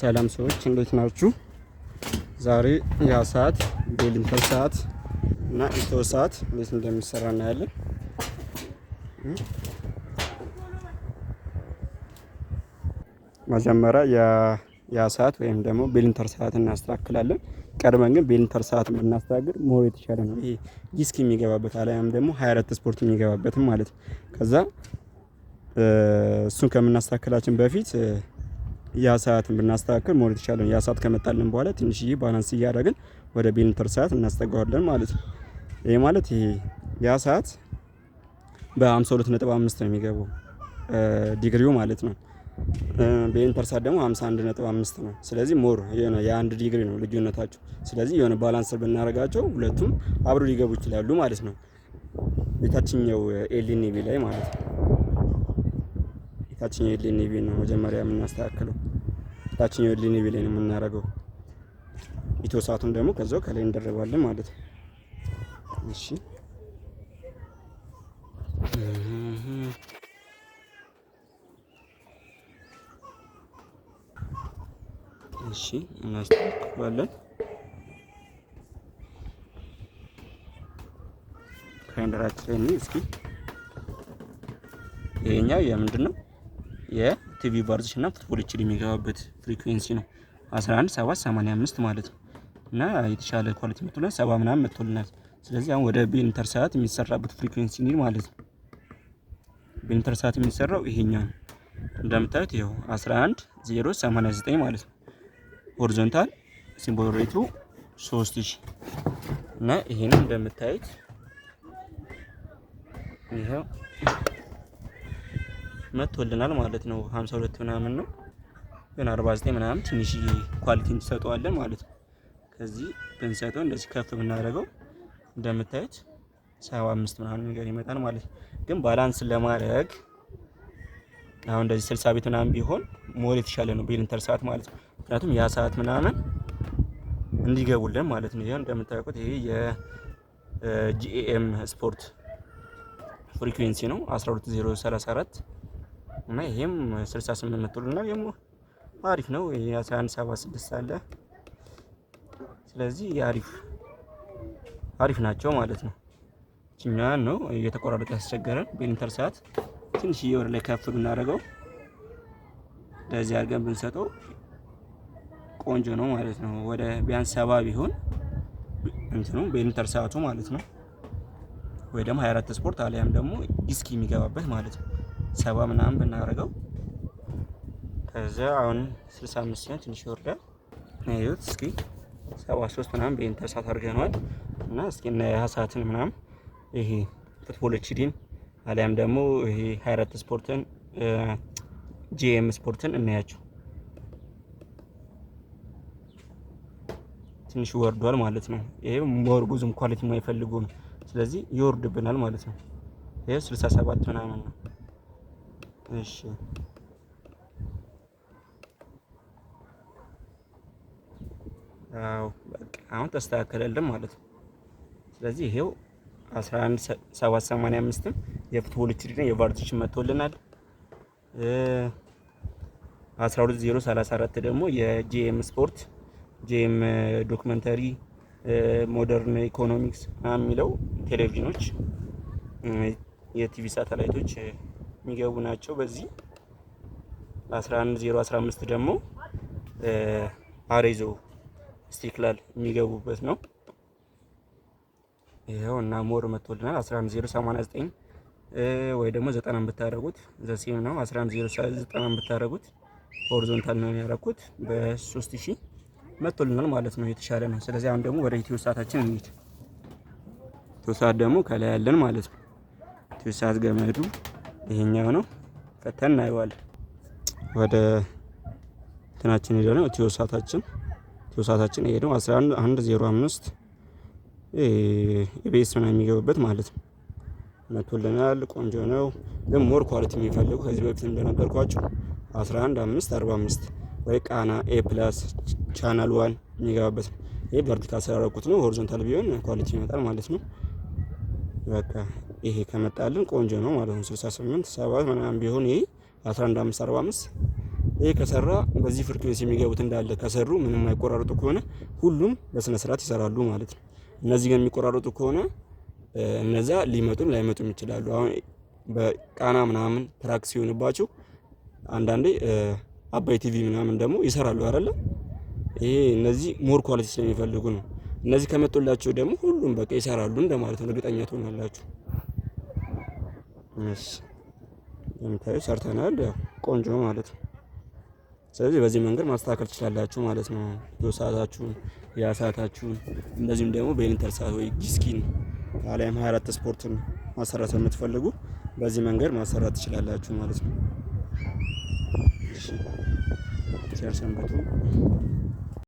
ሰላም ሰዎች እንዴት ናችሁ? ዛሬ ያ ሰዓት ቤሊንተን ሰዓት እና ኢትዮ ሰዓት እንዴት እንደሚሰራ እናያለን። መጀመሪያ ያ ያ ሰዓት ወይም ደግሞ ቤሊንተር ሰዓት እናስተካክላለን። ቀድመን ግን ቤሊንተር ሰዓት ብናስተካክል ሞር የተሻለ ነው። ይሄ ዲስክ የሚገባበት አለያም ደግሞ 24 ስፖርት የሚገባበትም ማለት ነው። ከዛ እሱን ከምናስተካክላችን በፊት ያ ሰዓትን ብናስተካክል መሆን የተቻለን ያ ሰዓት ከመጣልን በኋላ ትንሽዬ ባላንስ እያደረግን ወደ ቢሊንተር ሰዓት እናስጠጋዋለን ማለት ነው። ይሄ ማለት ይሄ ያ ሰዓት በ52.5 ነው የሚገባው ዲግሪው ማለት ነው። በኢንተር ሰዓት ደግሞ 51.5 ነው። ስለዚህ ሞር የሆነ የአንድ ዲግሪ ነው ልዩነታቸው። ስለዚህ የሆነ ባላንስ ብናደርጋቸው ሁለቱም አብሮ ሊገቡ ይችላሉ ማለት ነው። የታችኛው ኤልኒቢ ላይ ማለት ነው። ታችኛው ኤልኤን ቢ ነው መጀመሪያ የምናስተካክለው። ታችኛው ኤልኤን ቢ ላይ ነው የምናደርገው። ኢትዮሳቱን ደግሞ ከዛው ከላይ እንደረባለን ማለት ነው። እሺ እሺ እናስተካክላለን። ካይንደራችን እስኪ ይሄኛው የምንድን ነው? የቲቪ ቫርዝሽ እና ፉትቦል ችል የሚገባበት ፍሪኩዌንሲ ነው 11785 ማለት ነው። እና የተሻለ ኳሊቲ መጥቶልናል፣ ሰባ ምናምን መጥቶልናል። ስለዚህ አሁን ወደ ቤንተር ሰዓት የሚሰራበት ፍሪኩዌንሲ ኒል ማለት ነው። ቢንተር ሰዓት የሚሰራው ይሄኛው ነው እንደምታዩት ይኸው 11089 ማለት ነው። ሆሪዞንታል ሲምቦል ሬቱ 3000 እና ይሄንን እንደምታዩት ይኸው መጥቶልናል ማለት ነው። 52 ምናምን ነው ግን 49 ምናምን ትንሽ ኳሊቲ እንሰጠዋለን ማለት ነው። ከዚህ ብንሰጠው እንደዚህ ከፍ ብናደርገው እንደምታዩት 75 ምናምን ነገር ይመጣል ማለት ነው። ግን ባላንስ ለማድረግ አሁን እንደዚህ 60 ቤት ምናምን ቢሆን ሞር የተሻለ ነው በኢንተር ሰዓት ማለት ነው። ምክንያቱም ያ ሰዓት ምናምን እንዲገቡልን ማለት ነው። ይሄ እንደምታውቁት ይሄ የጂኤኤም ስፖርት ፍሪኩዌንሲ ነው 12034 እና ይሄም 68 መቶል ነው ደግሞ አሪፍ ነው። የ1176 አለ። ስለዚህ አሪፍ አሪፍ ናቸው ማለት ነው። እኛ ነው እየተቆራረጠ ያስቸገረን በኢንተር ሰዓት ትንሽ ወደ ላይ ከፍ ብናደርገው እንደዚህ አድርገን ብንሰጠው ቆንጆ ነው ማለት ነው። ወደ ቢያንስ ሰባ ቢሆን እንትኑ በኢንተር ሰዓቱ ማለት ነው። ወይ ደግሞ 24 ስፖርት አሊያም ደግሞ ዲስክ የሚገባበት ማለት ነው። ሰባ ምናምን ብናደርገው ከዛ አሁን 65 ሲሆን ትንሽ ይወርዳል። እዩት እስኪ 73 ምናምን በኢንተር ሳት አድርገነዋል እና እስኪ እና ሀሳትን ምናምን ይሄ ፉትቦል ኤችዲን አሊያም ደግሞ ይሄ 24 ስፖርትን ጂኤም ስፖርትን እናያቸው። ትንሽ ወርዷል ማለት ነው። ይሄ ሞር ብዙም ኳሊቲ የማይፈልጉ ነው። ስለዚህ ይወርድብናል ማለት ነው። ይሄ 67 ምናምን ነው። እሺ አዎ በቃ አሁን ተስተካከለልን ማለት ነው። ስለዚህ ይሄው 11785ም የፍትወል ነው የቫርዲሽን መጥቶልናል። 12034 ደግሞ የጂኤም ስፖርት ጂኤም ዶክመንተሪ ሞደርን ኢኮኖሚክስ የሚለው ቴሌቪዥኖች የቲቪ ሳተላይቶች የሚገቡ ናቸው። በዚህ 11015 ደግሞ አሬዞ ስቲክላል የሚገቡበት ነው። ይኸው እና ሞር መጥቶልናል 11089 ወይ ደግሞ 90 ብታደረጉት ዘሴም ነው። 11090 ብታደረጉት ሆሪዞንታል ነው ያደረኩት በ3000 መጥቶልናል ማለት ነው። የተሻለ ነው። ስለዚህ አሁን ደግሞ ወደ ኢትዮ ሰዓታችን እንሂድ። ኢትዮ ሰዓት ደግሞ ከላይ ያለን ማለት ነው። ኢትዮ ሰዓት ገመዱ ይሄኛው ነው። ቀጥታ እናየዋለን። ወደ እንትናችን ሄደ ነው ትዮሳታችን ትዮሳታችን ይሄ ነው 1105 ኢቢኤስ ምናምን የሚገቡበት ማለት ነው። መቶልናል። ቆንጆ ነው። ግን ሞር ኳሊቲ የሚፈልጉ ከዚህ በፊት እንደነገርኳችሁ 1145 ወይ ቃና ኤ ፕላስ ቻናል ዋን የሚገባበት ይሄ ቨርቲካል ስላረኩት ነው። ሆሪዞንታል ቢሆን ኳሊቲ ይመጣል ማለት ነው። በቃ ይሄ ከመጣልን ቆንጆ ነው ማለት ነው። 68 7 ምናምን ቢሆን ይሄ 45 ይሄ ከሰራ በዚህ ፍሪኩዌንሲ የሚገቡት እንዳለ ከሰሩ ምንም የማይቆራረጡ ከሆነ ሁሉም በስነ ስርዓት ይሰራሉ ማለት ነው። እነዚህ ግን የሚቆራረጡ ከሆነ እነዛ ሊመጡም ላይመጡም ይችላሉ። አሁን በቃና ምናምን ትራክ ሲሆንባቸው አንዳንዴ አባይ ቲቪ ምናምን ደግሞ ይሰራሉ አይደለ? ይሄ እነዚህ ሞር ኳሊቲ ስለሚፈልጉ ነው። እነዚህ ከመጡላቸው ደግሞ ሁሉም በቃ ይሰራሉ እንደማለት ነው። እርግጠኛ ትሆናላችሁ። እንደምታዩ ሰርተናል። ቆንጆ ማለት ነው። ስለዚህ በዚህ መንገድ ማስተካከል ትችላላችሁ ማለት ነው። ሰዓታችሁን፣ እንደዚሁም ደግሞ በኢንተር ሰዓት ወይ ጊስኪን አሊያም 24 ስፖርትን ማሰራት የምትፈልጉ በዚህ መንገድ ማሰራት ትችላላችሁ ማለት ነው። እሺ